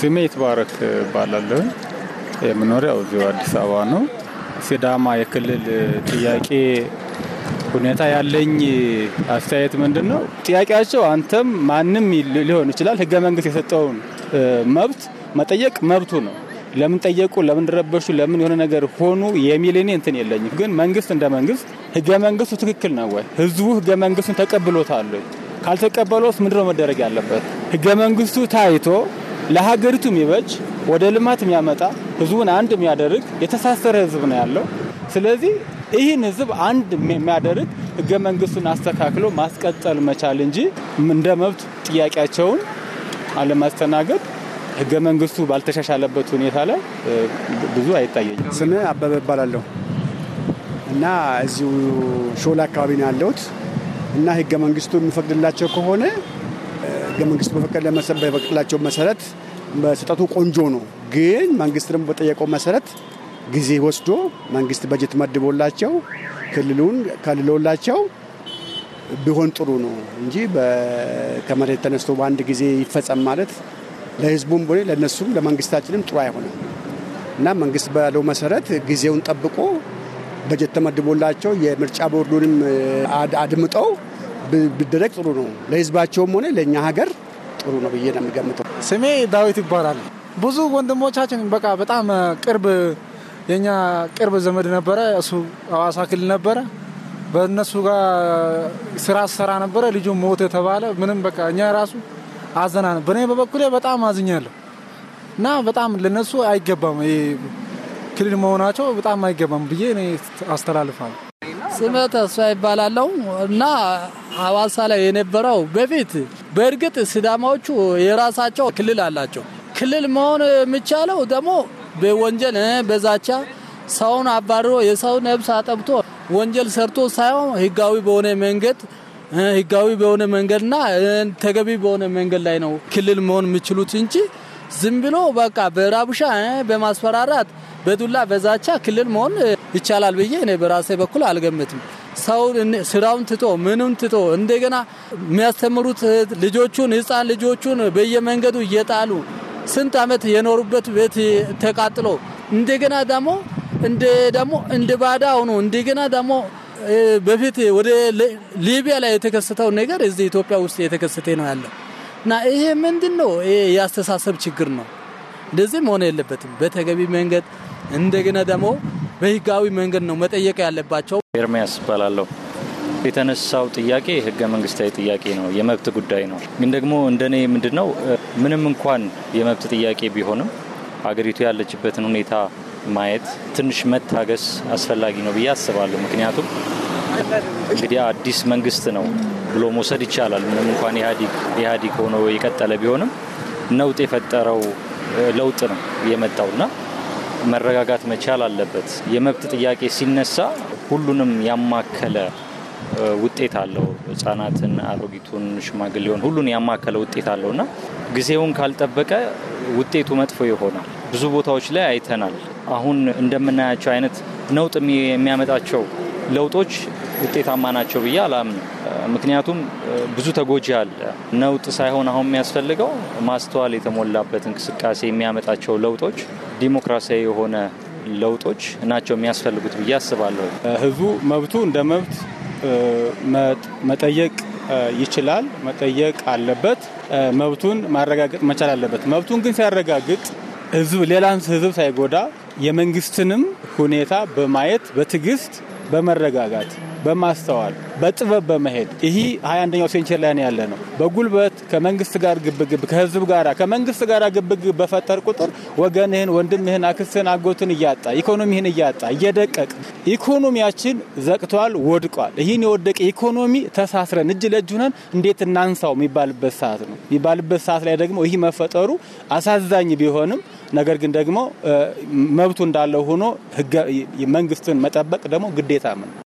ስሜ ይትባረክ እባላለሁ። የምኖሪያው እዚሁ አዲስ አበባ ነው። ሲዳማ የክልል ጥያቄ ሁኔታ ያለኝ አስተያየት ምንድን ነው? ጥያቄያቸው አንተም ማንም ሊሆን ይችላል። ህገ መንግስት የሰጠውን መብት መጠየቅ መብቱ ነው። ለምን ጠየቁ፣ ለምን ድረበሹ ለምን የሆነ ነገር ሆኑ የሚል እኔ እንትን የለኝም። ግን መንግስት እንደ መንግስት ህገ መንግስቱ ትክክል ነው ወይ? ህዝቡ ህገ መንግስቱን ተቀብሎታል? ካልተቀበለውስ ምንድነው መደረግ ያለበት? ህገ መንግስቱ ታይቶ ለሀገሪቱ የሚበጅ ወደ ልማት የሚያመጣ ህዝቡን አንድ የሚያደርግ የተሳሰረ ህዝብ ነው ያለው። ስለዚህ ይህን ህዝብ አንድ የሚያደርግ ህገ መንግስቱን አስተካክሎ ማስቀጠል መቻል እንጂ እንደ መብት ጥያቄያቸውን አለማስተናገድ ህገ መንግስቱ ባልተሻሻለበት ሁኔታ ላይ ብዙ አይታየኝ። ስም አበበ እባላለሁ እና እዚሁ ሾላ አካባቢ ነው ያለሁት እና ህገ መንግስቱ የሚፈቅድላቸው ከሆነ የመንግስት መፈቀድ በፈቀደላቸው መሰረት መስጠቱ ቆንጆ ነው። ግን መንግስት ደግሞ በጠየቀው መሰረት ጊዜ ወስዶ መንግስት በጀት መድቦላቸው ክልሉን ከልሎላቸው ቢሆን ጥሩ ነው እንጂ ከመሬት ተነስቶ በአንድ ጊዜ ይፈጸም ማለት ለህዝቡም ሆነ ለእነሱም ለመንግስታችንም ጥሩ አይሆንም እና መንግስት ባለው መሰረት ጊዜውን ጠብቆ በጀት ተመድቦላቸው የምርጫ ቦርዱንም አድምጠው ብደረግ ጥሩ ነው። ለህዝባቸውም ሆነ ለእኛ ሀገር ጥሩ ነው ብዬ ነው የምገምተው። ስሜ ዳዊት ይባላል። ብዙ ወንድሞቻችን በቃ በጣም ቅርብ የኛ ቅርብ ዘመድ ነበረ። እሱ አዋሳ ክልል ነበረ። በእነሱ ጋር ስራ ሰራ ነበረ። ልጁ ሞት የተባለ ምንም በቃ እኛ ራሱ አዘና ነው። በእኔ በበኩሌ በጣም አዝኛለሁ እና በጣም ለነሱ አይገባም ክልል መሆናቸው በጣም አይገባም ብዬ እኔ አስተላልፋለሁ። ስሜ ተስፋ ይባላለው እና ሀዋሳ ላይ የነበረው በፊት በእርግጥ ሲዳማዎቹ የራሳቸው ክልል አላቸው። ክልል መሆን የሚቻለው ደግሞ በወንጀል በዛቻ ሰውን አባርሮ የሰው ነብስ አጠብቶ ወንጀል ሰርቶ ሳይሆን ህጋዊ በሆነ መንገድ ህጋዊ በሆነ መንገድና ተገቢ በሆነ መንገድ ላይ ነው ክልል መሆን የሚችሉት እንጂ ዝም ብሎ በቃ በራቡሻ በማስፈራራት በዱላ በዛቻ ክልል መሆን ይቻላል ብዬ እኔ በራሴ በኩል አልገምትም። ሰው ስራውን ትቶ ምንም ትቶ እንደገና የሚያስተምሩት ልጆቹን ህፃን ልጆቹን በየመንገዱ እየጣሉ ስንት ዓመት የኖሩበት ቤት ተቃጥሎ እንደገና ደግሞ እንደ ደግሞ እንደ ባዳ ሆኖ እንደገና ደግሞ በፊት ወደ ሊቢያ ላይ የተከሰተው ነገር እዚህ ኢትዮጵያ ውስጥ የተከሰተ ነው ያለው እና ይሄ ምንድን ነው? ይሄ የአስተሳሰብ ችግር ነው። እንደዚህ መሆን የለበትም። በተገቢ መንገድ እንደገና ደግሞ በህጋዊ መንገድ ነው መጠየቅ ያለባቸው። ኤርሚያስ እባላለሁ። የተነሳው ጥያቄ ህገ መንግስታዊ ጥያቄ ነው፣ የመብት ጉዳይ ነው። ግን ደግሞ እንደኔ ምንድን ነው ምንም እንኳን የመብት ጥያቄ ቢሆንም አገሪቱ ያለችበትን ሁኔታ ማየት ትንሽ መታገስ አስፈላጊ ነው ብዬ አስባለሁ። ምክንያቱም እንግዲህ አዲስ መንግስት ነው ብሎ መውሰድ ይቻላል። ምንም እንኳን ኢህአዲግ ሆኖ የቀጠለ ቢሆንም ነውጥ የፈጠረው ለውጥ ነው የመጣውና መረጋጋት መቻል አለበት። የመብት ጥያቄ ሲነሳ ሁሉንም ያማከለ ውጤት አለው። ህጻናትን፣ አሮጊቱን፣ ሽማግሌውን ሁሉን ያማከለ ውጤት አለው እና ጊዜውን ካልጠበቀ ውጤቱ መጥፎ ይሆናል። ብዙ ቦታዎች ላይ አይተናል። አሁን እንደምናያቸው አይነት ነውጥ የሚያመጣቸው ለውጦች ውጤታማ ናቸው ብዬ አላምንም። ምክንያቱም ብዙ ተጎጂ አለ። ነውጥ ሳይሆን አሁን የሚያስፈልገው ማስተዋል የተሞላበት እንቅስቃሴ የሚያመጣቸው ለውጦች ዲሞክራሲያዊ የሆነ ለውጦች ናቸው የሚያስፈልጉት ብዬ አስባለሁ። ህዝቡ መብቱ እንደ መብት መጠየቅ ይችላል፣ መጠየቅ አለበት። መብቱን ማረጋገጥ መቻል አለበት። መብቱን ግን ሲያረጋግጥ ህዝብ ሌላን ህዝብ ሳይጎዳ የመንግስትንም ሁኔታ በማየት በትዕግስት በመረጋጋት በማስተዋል በጥበብ በመሄድ ይህ ሀያ አንደኛው ሴንቸር ላይ ያለ ነው። በጉልበት ከመንግስት ጋር ግብግብ ከህዝብ ጋር ከመንግስት ጋር ግብግብ በፈጠር ቁጥር ወገንህን፣ ወንድምህን፣ አክስትህን፣ አጎትን እያጣ ኢኮኖሚህን እያጣ እየደቀቅ ኢኮኖሚያችን ዘቅቷል፣ ወድቋል። ይህን የወደቀ ኢኮኖሚ ተሳስረን እጅ ለእጅ ሁነን እንዴት እናንሳው የሚባልበት ሰዓት ነው የሚባልበት ሰዓት ላይ ደግሞ ይህ መፈጠሩ አሳዛኝ ቢሆንም ነገር ግን ደግሞ መብቱ እንዳለው ሆኖ መንግስትን መጠበቅ ደግሞ ግዴታም ነው።